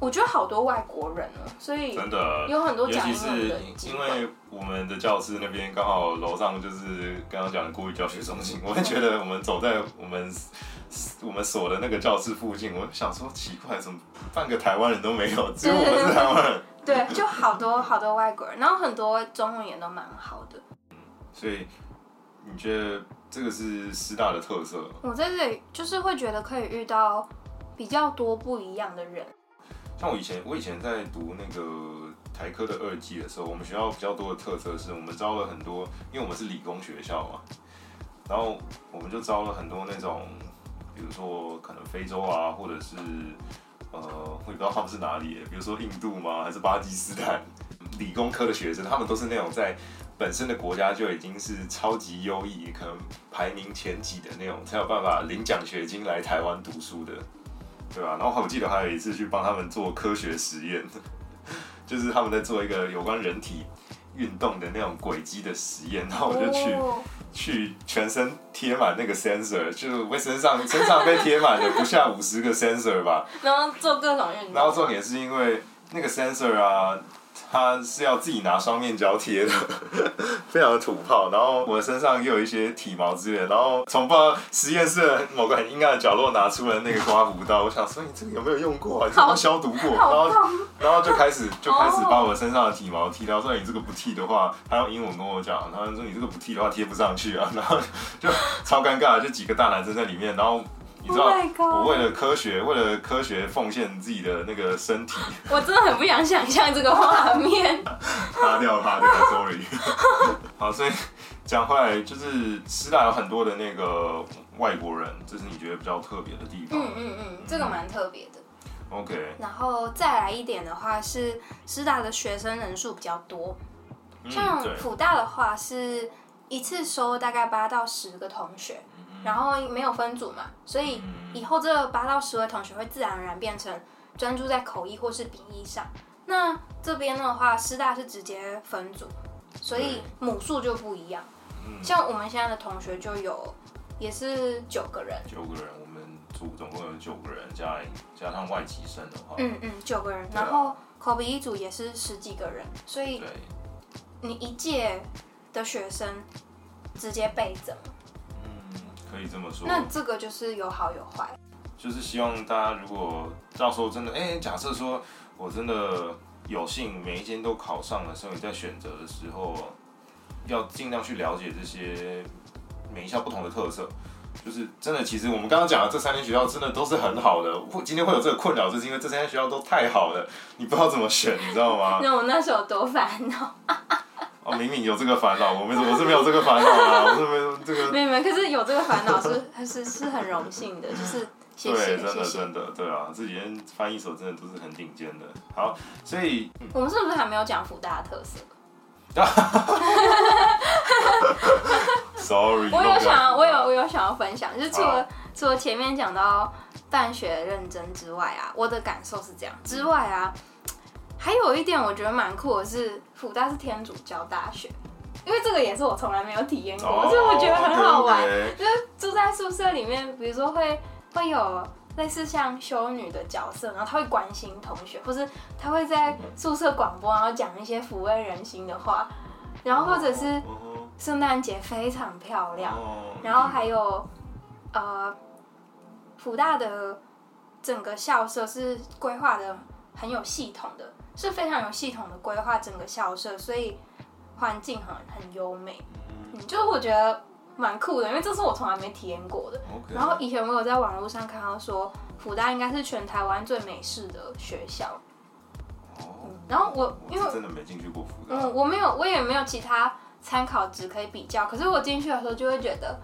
我覺得好多外國人了，所以真的有很多的人的，尤其是因為我們的教室那邊剛好樓上就是剛剛講的國語教學中心，我會覺得我們走在我們我們所的那個教室附近，我想說奇怪，怎麼半個台灣人都沒有，只有我們是台灣人？ 對，就好多好多外國人，然後很多中文也都蠻好的。所以你覺得這個是師大的特色？我在這裡就是會覺得可以遇到比較多不一樣的人。像我以前，我以前在讀那個台科的二技的時候，我們學校比較多的特色是我們招了很多，因為我們是理工學校嘛，然後我們就招了很多那種，比如說可能非洲啊，或者是呃，我也不知道他們是哪裡，比如說印度嘛，還是巴基斯坦理工科的學生，他們都是那種在本身的國家就已經是超級優異，可能排名前幾的那種，才有辦法領獎學金來台灣讀書的。對吧、啊？然後我記得還有一次去幫他們做科學實驗，就是他們在做一個有關人體運動的那種軌跡的實驗，然後我就去、哦、去全身貼滿那個 sensor，就是我身上身上被貼滿了不下五十個 sensor 吧，然後做各種運動。然後重點是因為那個 sensor 啊。他是要自己拿雙面膠貼的，非常的土炮。然後我身上也有一些體毛之類，然後從不知道實驗室的某個很陰暗的角落拿出了那個刮鬍刀。我想說你這個有沒有用過啊？你有沒有消毒過？然後然後就開始就開始把我身上的體毛剃掉。說你這個不剃的話，他用英文跟我講，他說你這個不剃的話貼不上去啊。然後就超尷尬，就幾個大男生在裡面，然後。你知道，我、oh、為了科學，為了科學奉獻自己的那個身體， 我真的很不想想象這個畫面。擦 掉擦掉 ，sorry。 好，所以講回來，就是師大有很多的那個外國人，這是你覺得比較特別的地方。嗯嗯嗯，嗯，這個蠻特別的。OK。嗯、然後再來一點的話是，師大的學生人數比較多，嗯、像輔大的話是一次收大概八到十個同學。然後沒有分組嘛，所以以後這八到十位同學會自然而然變成專注在口譯或是筆譯上。那這邊的話，師大是直接分組，所以母數就不一樣。像我們現在的同學就有，也是九個人。九個人，我們組總共有九個人，加加上外籍生的話，嗯嗯，九個人、啊。然後口筆譯組也是十幾個人，所以你一屆的學生直接倍增。可以這麼說，那這個就是有好有壞。就是希望大家如果到時候真的，哎、欸，假設說我真的有幸每一間都考上了，所以你在選擇的時候，要盡量去了解這些每一校不同的特色。就是真的，其實我們剛剛講的這三間學校真的都是很好的。今天會有這個困擾，就是因為這三間學校都太好了，你不知道怎麼選，你知道嗎？ 那我那時候多煩惱。 哦，明明有這個煩惱，我沒怎麼，我是沒有這個煩惱啊， 我是沒有這個。沒沒，可是有這個煩惱是還 是是，是很榮幸的，就是謝謝，謝，謝，對真的真的對啊，這幾天翻譯所真的都是很頂尖的。好，所以、嗯、我們是不是還沒有講福大的特色？哈哈哈哈哈。Sorry， 我有想要，我有我有想要分享，就是除了、啊、除了前面講到辦學認真之外啊，我的感受是這樣之外啊，嗯、還有一點我覺得蠻酷的是。輔大是天主教大學，因為這個也是我從來沒有體驗過，所、oh, 以我覺得很好玩。Oh, really. 就是住在宿舍裡面，比如說會會有類似像修女的角色，然後他會關心同學，或是他會在宿舍廣播，然後講一些撫慰人心的話，然後或者是聖誕節非常漂亮，oh, oh, oh, oh. 然後還有呃輔大的整個校舍是規劃的很有系統的。是非常有系統的規劃整個校舍，所以環境很很優美，嗯，就是我覺得蠻酷的，因為這是我從來沒體驗過的。Okay. 然後以前我有在網絡上看到說，輔大應該是全台灣最美式的學校。哦、oh, 嗯，然後我因為我真的沒進去過輔大，嗯，我沒有，我也沒有其他參考值可以比較。可是我進去的時候就會覺得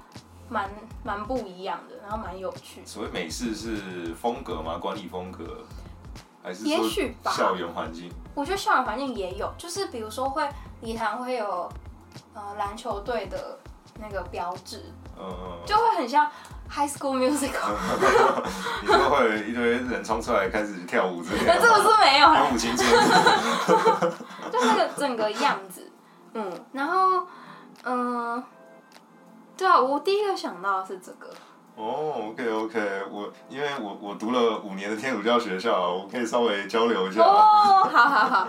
蠻蠻不一樣的，然後蠻有趣。所以美式是風格嗎？管理風格？還是也許吧。校園環境，我覺得校園環境也有，就是比如說會禮堂會有呃籃球隊的那個標誌，嗯，嗯，就會很像《High School Musical》，嗯， 就會一堆人衝出來開始跳舞之類的，這個是沒有，老就那個整個樣子，嗯，然後嗯，對啊，我第一個想到的是這個。哦、oh，OK OK，我因為我我讀了五年的天主教學校，我可以稍微交流一下。哦，好好好。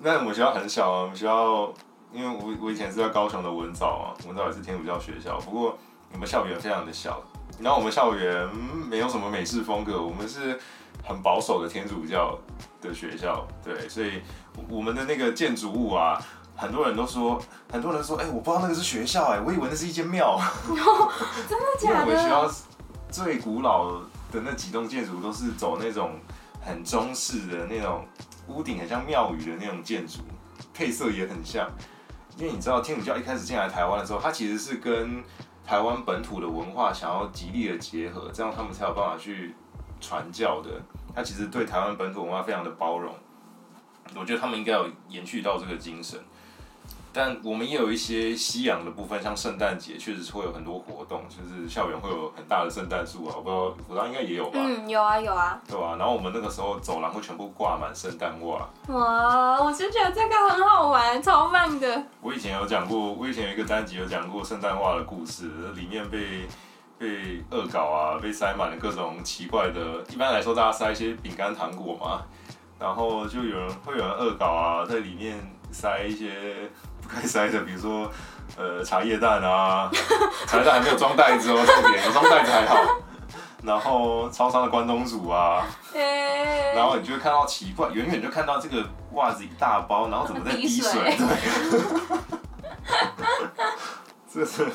那我們學校很小啊，我們學校，因為我我以前是在高雄的文藻啊，文藻也是天主教學校，不過我們校園非常的小，然後我們校園沒有什麼美式風格，我們是很保守的天主教的學校，對，所以我們的那個建築物啊。很多人都說，很多人說，哎、欸，我不知道那個是學校，哎，我以為那是一間廟。 真的假的？因為，我們學校最古老的那幾棟建築都是走那種很中式的那種屋頂，很像廟宇的那種建築，配色也很像。因為你知道，天主教一開始進來台灣的時候，它其實是跟台灣本土的文化想要極力的結合，這樣他們才有辦法去傳教的。它其實對台灣本土文化非常的包容，我覺得他們應該有延續到這個精神。但我們也有一些西洋的部分，像聖誕節，確實是會有很多活動，就是校園會有很大的聖誕樹啊，我不知道,我那應該也有吧？嗯，有啊，有啊，對啊。然後我們那個時候走廊會全部掛滿聖誕襪。哇，我真覺得這個很好玩，超棒的。我以前有講過，我以前有一個單集有講過聖誕襪的故事，裡面被被惡搞啊，被塞滿了各種奇怪的。一般來說，大家塞一些餅乾糖果嘛，然後就有人會有人惡搞啊，在裡面。塞一些不該塞的，比如說，呃，茶葉蛋啊， 茶葉蛋還沒有裝袋子哦，重 點有裝袋子還好。然後，超商的關東煮啊，欸、然後你就會看到奇怪，遠遠就看到這個襪子一大包，然後怎麼在滴水？對， 這是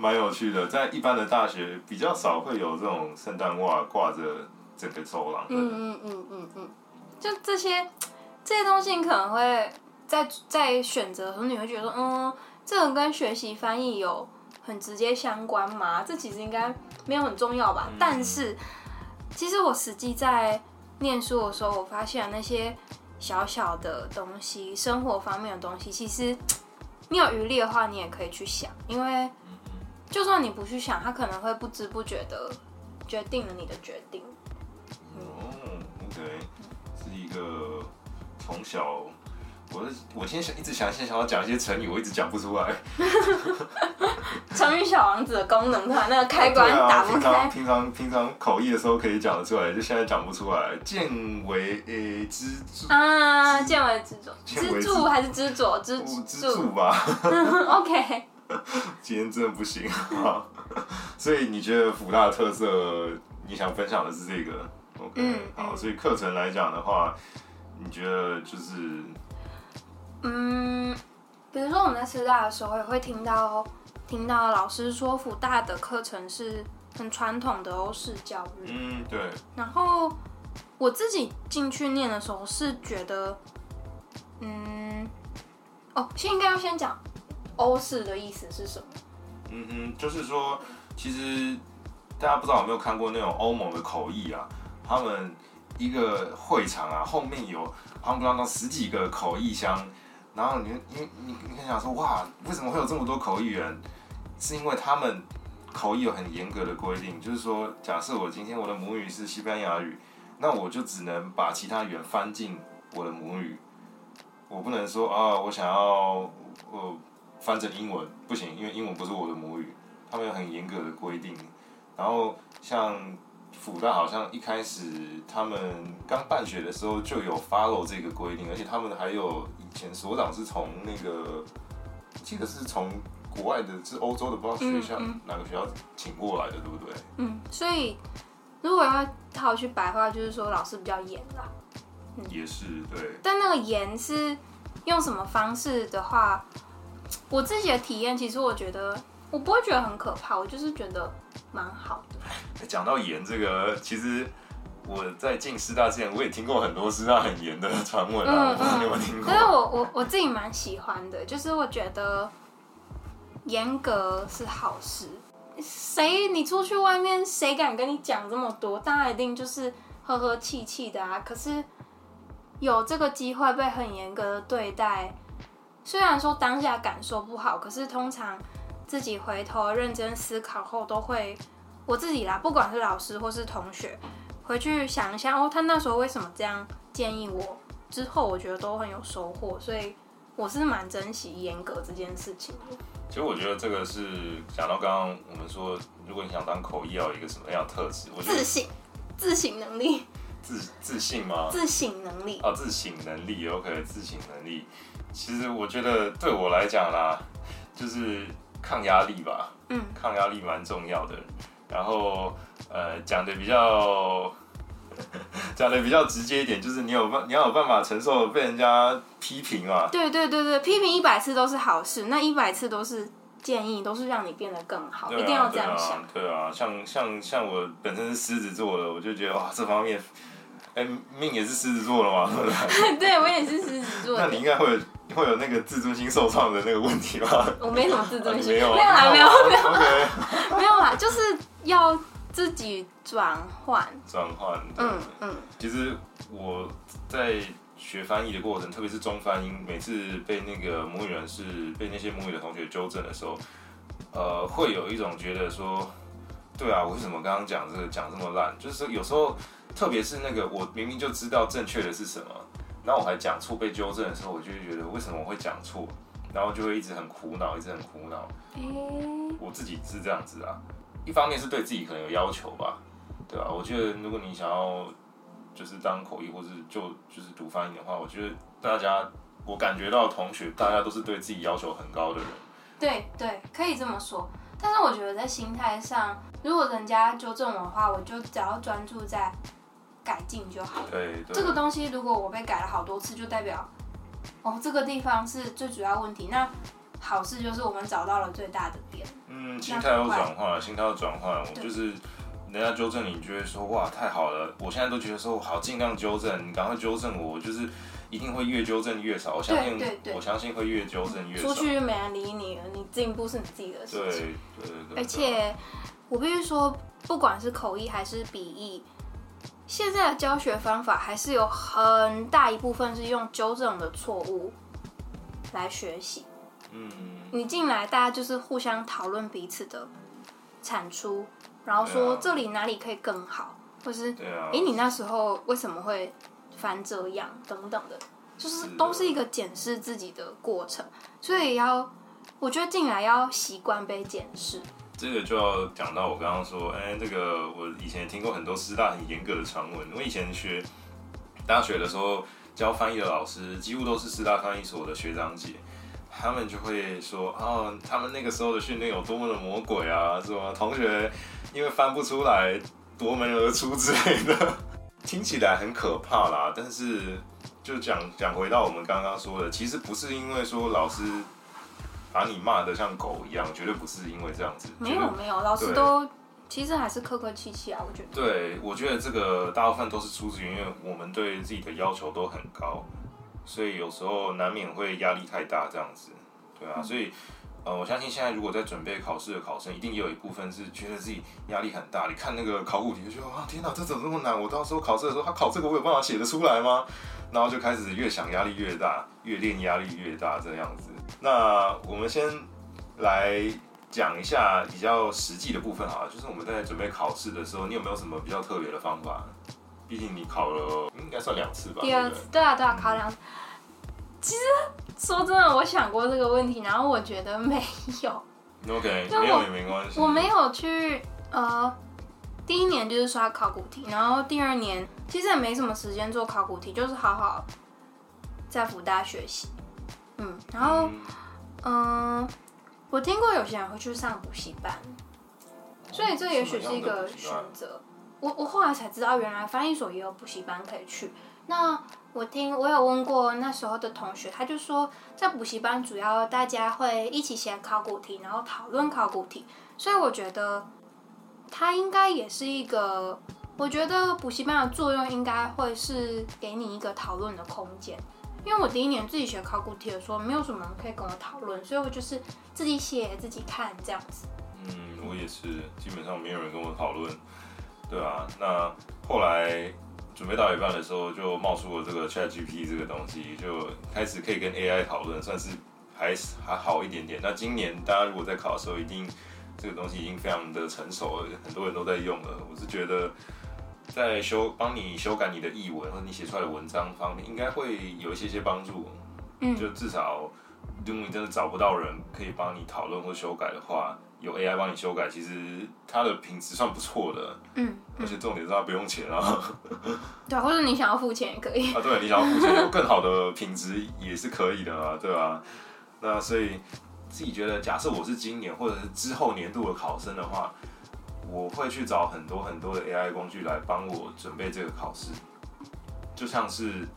蠻有趣的，在一般的大學比較少會有這種聖誕襪掛着整個走廊。嗯嗯嗯嗯嗯，就這些這些東西可能會。在在選擇的時候，你會覺得說，嗯，這個跟學習翻譯有很直接相關嗎？這其實應該沒有很重要吧、嗯。但是，其實我實際在念書的時候，我發現那些小小的東西，生活方面的東西，其實你有餘力的話，你也可以去想。因為就算你不去想，他可能會不知不覺的決定了你的決定。哦、嗯 oh，OK，是一個從小。我我先想一直想，先想要講一些成語，我一直講不出來。 成語小王子的功能，的話，那個開關打不開。 啊啊、平常平常,平常口譯的時候可以講得出來，就現在講不出來。見微誒知啊，見微知著，知著還是知左，知知著吧。OK，今天真的不行 所以你覺得輔大的特色，你想分享的是這個 OK？、嗯、好，所以課程來講的話，你覺得就是。嗯，比如說我們在師大的時候，也會聽到聽到老師說，輔大的課程是很傳統的歐式教育。嗯，對。然後我自己進去念的時候，是覺得，嗯，哦，先應該要先講歐式的意思是什麼？嗯嗯，就是說，其實大家不知道有沒有看過那種歐盟的口譯啊，他們一個會場啊，後面有他們不知道十幾個口譯箱。然後你，你你，你想說哇，為什麼會有這麼多口譯員？是因為他們口譯有很嚴格的規定，就是說，假設我今天我的母語是西班牙語，那我就只能把其他語言翻進我的母語，我不能說啊、呃，我想要我、呃、翻成英文不行，因為英文不是我的母語，他們有很嚴格的規定。然後像輔大，好像一開始他們剛辦學的時候就有 follow 這個規定，而且他們還有。以前所長是從那個，記得是從國外的，是歐洲的，不知道學校、嗯嗯、哪個學校請過來的，對不對？嗯，所以如果要套去白話，就是說老師比較嚴啦、嗯。也是對，但那個嚴是用什麼方式的話，我自己的體驗，其實我覺得我不會覺得很可怕，我就是覺得蠻好的。欸、講到嚴這個，其實。我在進師大之前，我也聽過很多師大很嚴的傳聞啊，不知道你有聽過。可、嗯嗯嗯、是我我我自己蠻喜歡的，就是我覺得嚴格是好事。誰你出去外面，誰敢跟你講這麼多？大家一定就是和和氣氣的啊。可是有這個機會被很嚴格的對待，雖然說當下感受不好，可是通常自己回頭認真思考後，都會我自己啦，不管是老師或是同學。回去想一下哦，他那時候為什麼這樣建議我？之後我覺得都很有收穫，所以我是蠻珍惜嚴格這件事情的。其實我覺得這個是講到剛剛我們說，如果你想當口譯要一個什麼樣的特質？我覺得自信，自省能力，自自信嗎？自省能力哦。自省能力 o、OK, k 自省能力。其實我覺得對我來講啦，就是抗壓力吧，嗯，抗壓力蠻重要的。然後。呃，講的比較講的比較直接一點，就是你有辦，你要有辦法承受被人家批評啊。對對對對，批評一百次都是好事，那一百次都是建議，都是讓你變得更好，啊、一定要這樣想。對啊，對啊對啊，像像像我本身是獅子座的，我就覺得哇，這方面哎、欸，命也是獅子座的嘛，的嗎 對我也是獅子座，那你應該會有會有那個自尊心受創的那個問題吧？我沒什麼自尊心，啊、沒有啦，沒有、啊、沒有、啊、沒有嘛、啊啊 okay 啊，就是要。自己轉換，轉換。對嗯嗯，其實我在學翻譯的過程，特別是中翻英，每次被那個母語人士、被那些母語的同學糾正的時候，呃，會有一種覺得說，對啊，我為什麼剛剛講這個講這麼爛？就是有時候，特別是那個我明明就知道正確的是什麼，然後我還講錯被糾正的時候，我就會覺得為什麼我會講錯，然後就會一直很苦惱，一直很苦惱。嗯、我自己是這樣子啊。一方面是對自己可能有要求吧，對吧？我覺得如果你想要就是當口譯或是就就是讀翻譯的話，我覺得大家，我感覺到同學大家都是對自己要求很高的人。對對，可以這麼說。但是我覺得在心態上，如果人家糾正我的話，我就只要專注在改進就好了。對對，這個東西如果我被改了好多次，就代表哦，這個地方是最主要問題。那好事就是我們找到了最大的點。嗯，心態又轉換了，心態又轉換了。我就是人家糾正你覺得，你就會說哇，太好了！我現在都覺得說好，盡量糾正，你趕快糾正我。我就是一定會越糾正越少。我相信，我相信會越糾正越少。出去、嗯、沒人理你，你進步是你自己的事情對。對對對，對。而且我必須說，不管是口譯還是筆譯，現在的教學方法還是有很大一部分是用糾正的錯誤來學習。嗯，你進來，大家就是互相討論彼此的產出，然後說這裡哪裡可以更好，對啊、或是哎，對啊欸、你那時候為什麼會翻這樣等等的，就是都是一個檢視自己的過程的。所以要，我覺得進來要習慣被檢視。這個就要講到我剛剛說，哎、欸，這個我以前也聽過很多師大很嚴格的傳聞。我以前學大學的時候，教翻譯的老師幾乎都是師大翻譯所的學長姐。他們就會說哦，他們那個時候的訓練有多麼的魔鬼啊，什麼同學因為翻不出來奪門而出之類的， 聽起來很可怕啦。但是就講，講回到我們剛剛說的，其實不是因為說老師把你罵得像狗一樣，絕對不是因為這樣子。沒有沒有，老師都其實還是客客氣氣啊，我覺得。對，我覺得這個大、大部分都是出自於因為我們對自己的要求都很高。所以有時候難免會壓力太大，這樣子，對啊。所以，呃，我相信現在如果在準備考試的考生，一定也有一部分是覺得自己壓力很大。你看那個考古題，就覺得啊，天哪，啊，這怎麼那麼難？我到時候考試的時候，他，啊、考這個，我有，有辦法寫得出來嗎？然後就開始越想壓力越大，越練壓力越大，這樣子。那我們先來講一下比較實際的部分啊，就是我們在準備考試的時候，你有沒有什麼比較特別的方法？畢竟你考了，應該算兩次吧。第二次對對，對啊，對啊，考兩次。其實說真的，我想過這個問題，然後我覺得沒有。OK，我沒有也沒關係。我沒有去，呃，第一年就是刷考古題，然後第二年其實也沒什麼時間做考古題，就是好好在輔大學習。嗯，然後嗯、呃，我聽過有些人會去上補習班，所以這也許是一個選擇。嗯我我後來才知道，原來翻譯所也有補習班可以去。那我聽我有問過那時候的同學，他就說，在補習班主要大家會一起寫考古題，然後討論考古題。所以我覺得，他應該也是一個。我覺得補習班的作用應該會是給你一個討論的空間。因為我第一年自己寫考古題的時候，沒有什麼人可以跟我討論，所以我就是自己寫自己看這樣子。嗯，我也是，基本上沒有人跟我討論。對啊，那後來準備到一半的時候，就冒出了這個 Chat G P 這個東西，就開始可以跟 A I 討論，算是還還好一點點。那今年大家如果在考的時候，一定這個東西已經非常的成熟了，很多人都在用了。我是覺得在修幫你修改你的譯文或者你寫出來的文章方面，應該會有一些些幫助。嗯，就至少如果你真的找不到人可以幫你討論或修改的話。有 AI 幫你修改，其實它的品質算不錯的，嗯，嗯，而且重點是它不用錢啊。 對啊，或者你想要付錢也可以 啊。對，你想要付錢有更好的品質也是可以的啊，對吧、啊？那所以自己覺得，假設我是今年或者是之後年度的考生的話，我會去找很多很多的 AI 工具來幫我準備這個考試，就像是，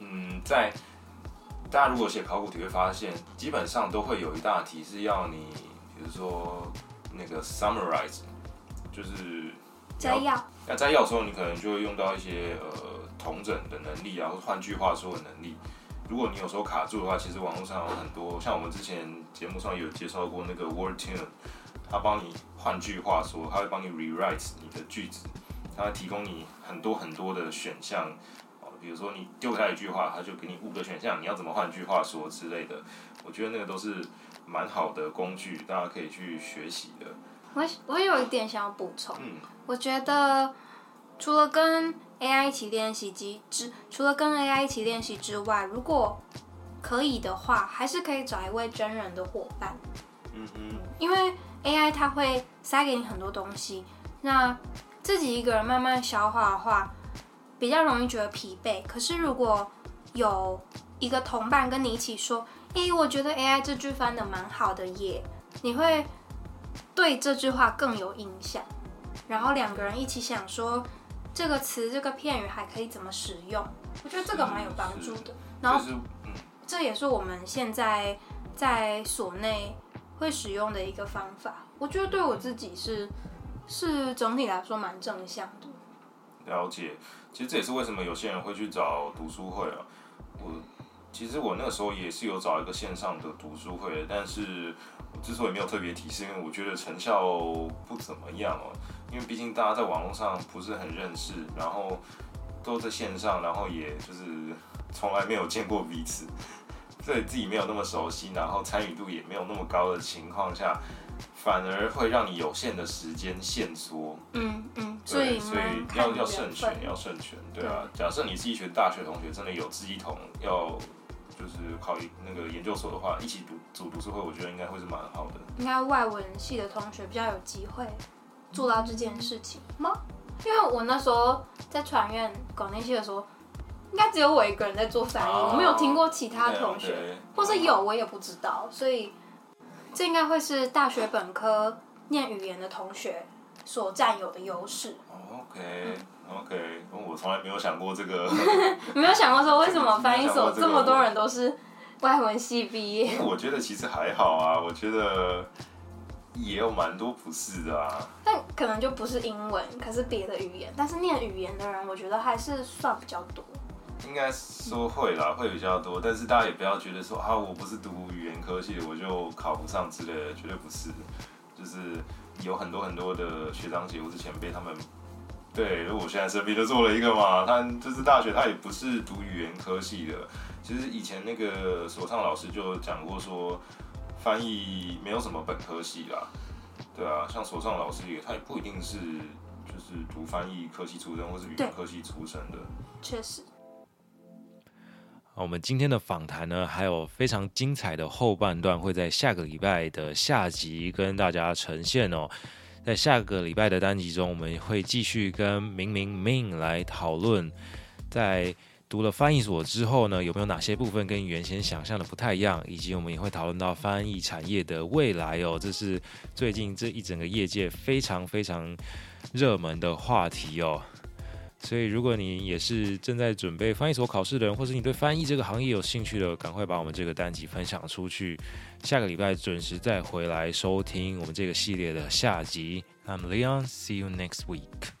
嗯，在大家如果寫考古題，會發現基本上都會有一大題是要你。比如說，那個 summarize 就是摘要。那摘要,要,要的時候，你可能就會用到一些呃統整的能力啊，或換句話說的能力。如果你有時候卡住的話，其實網絡上有很多，像我們之前節目上有介紹過那個 Wordtune，它幫你換句話說，它會幫你 rewrite 你的句子，它會提供你很多很多的選項。比如說你丟下一句話，它就給你五個選項，你要怎麼換句話說之類的。我覺得那個都是。蠻好的工具，大家可以去學習的。我我有一點想要補充，嗯，我覺得除了跟 AI 一起練習之，除了跟 AI 一起練習之外，如果可以的話，還是可以找一位真人的夥伴。嗯嗯，因為 AI 它會塞給你很多東西，那自己一個人慢慢消化的話，比較容易覺得疲憊。可是如果有一個同伴跟你一起說，咦，我覺得 AI 這句翻的蠻好的、耶，你會對這句話更有印象。然後兩個人一起想說，這個詞這個片語還可以怎麼使用？我覺得這個蠻有幫助的。然後這、嗯、這也是我們現在在所內會使用的一個方法。我覺得對我自己是是整體來說蠻正向的。了解，其實這也是為什麼有些人會去找讀書會啊。我。其實我那個時候也是有找一個線上的讀書會，但是之所以沒有特別提示，是因為我覺得成效不怎麼樣哦、喔。因為畢竟大家在網絡上不是很認識，然後都在線上，然後也就是從來沒有見過彼此，對自己沒有那麼熟悉，然後參與度也沒有那麼高的情況下，反而會讓你有限的時間限縮。嗯嗯，對，所以要要慎選，要慎選，嗯，對啊。假設你自己學大學同學，真的有自己同要。就是考那個研究所的話，一起讀組讀書會，我覺得應該會是蠻好的。應該外文系的同學比較有機會做到這件事情嗎？因為我那時候在傳院搞那些的時候，應該只有我一個人在做翻譯，oh, 我沒有聽過其他同學，yeah, okay. 或是有我也不知道。所以這應該會是大學本科念語言的同學所佔有的優勢。OK，OK，、okay, okay, 我從來沒有想過這個。 沒有想過說，為什麼翻譯所、 這個、這麼多人都是外文系畢業？我覺得其實還好啊，我覺得也有蠻多不是的啊。但可能就不是英文，可是別的語言，但是念語言的人，我覺得還是算比較多。應該說會啦，會比較多，但是大家也不要覺得說啊，我不是讀語言科系，我就考不上之類的，絕對不是，就是。有很多很多的學長姐或者是前輩，他們對，如果我現在身邊都做了一個嘛，他就是大學他也不是讀語言科系的。其實以前那個所上老師就講過說，說翻譯沒有什麼本科系啦。對啊，像所上老師也，他也不一定是就是讀翻譯科系出身，或是語言科系出身的，確實。我們今天的訪談呢，還有非常精彩的後半段，會在下個禮拜的下集跟大家呈現哦。在下個禮拜的單集中，我們會繼續跟明明 Ming 來討論，在讀了翻譯所之後呢，有沒有哪些部分跟原先想象的不太一樣，以及我們也會討論到翻譯產業的未來哦。這是最近這一整個業界非常非常熱門的話題哦。所以，如果你也是正在準備翻譯所考試的人，或是你對翻譯這個行業有興趣的，趕快把我們這個單集分享出去。下個禮拜準時再回來收聽我們這個系列的下集。I'm Leon，see you next week.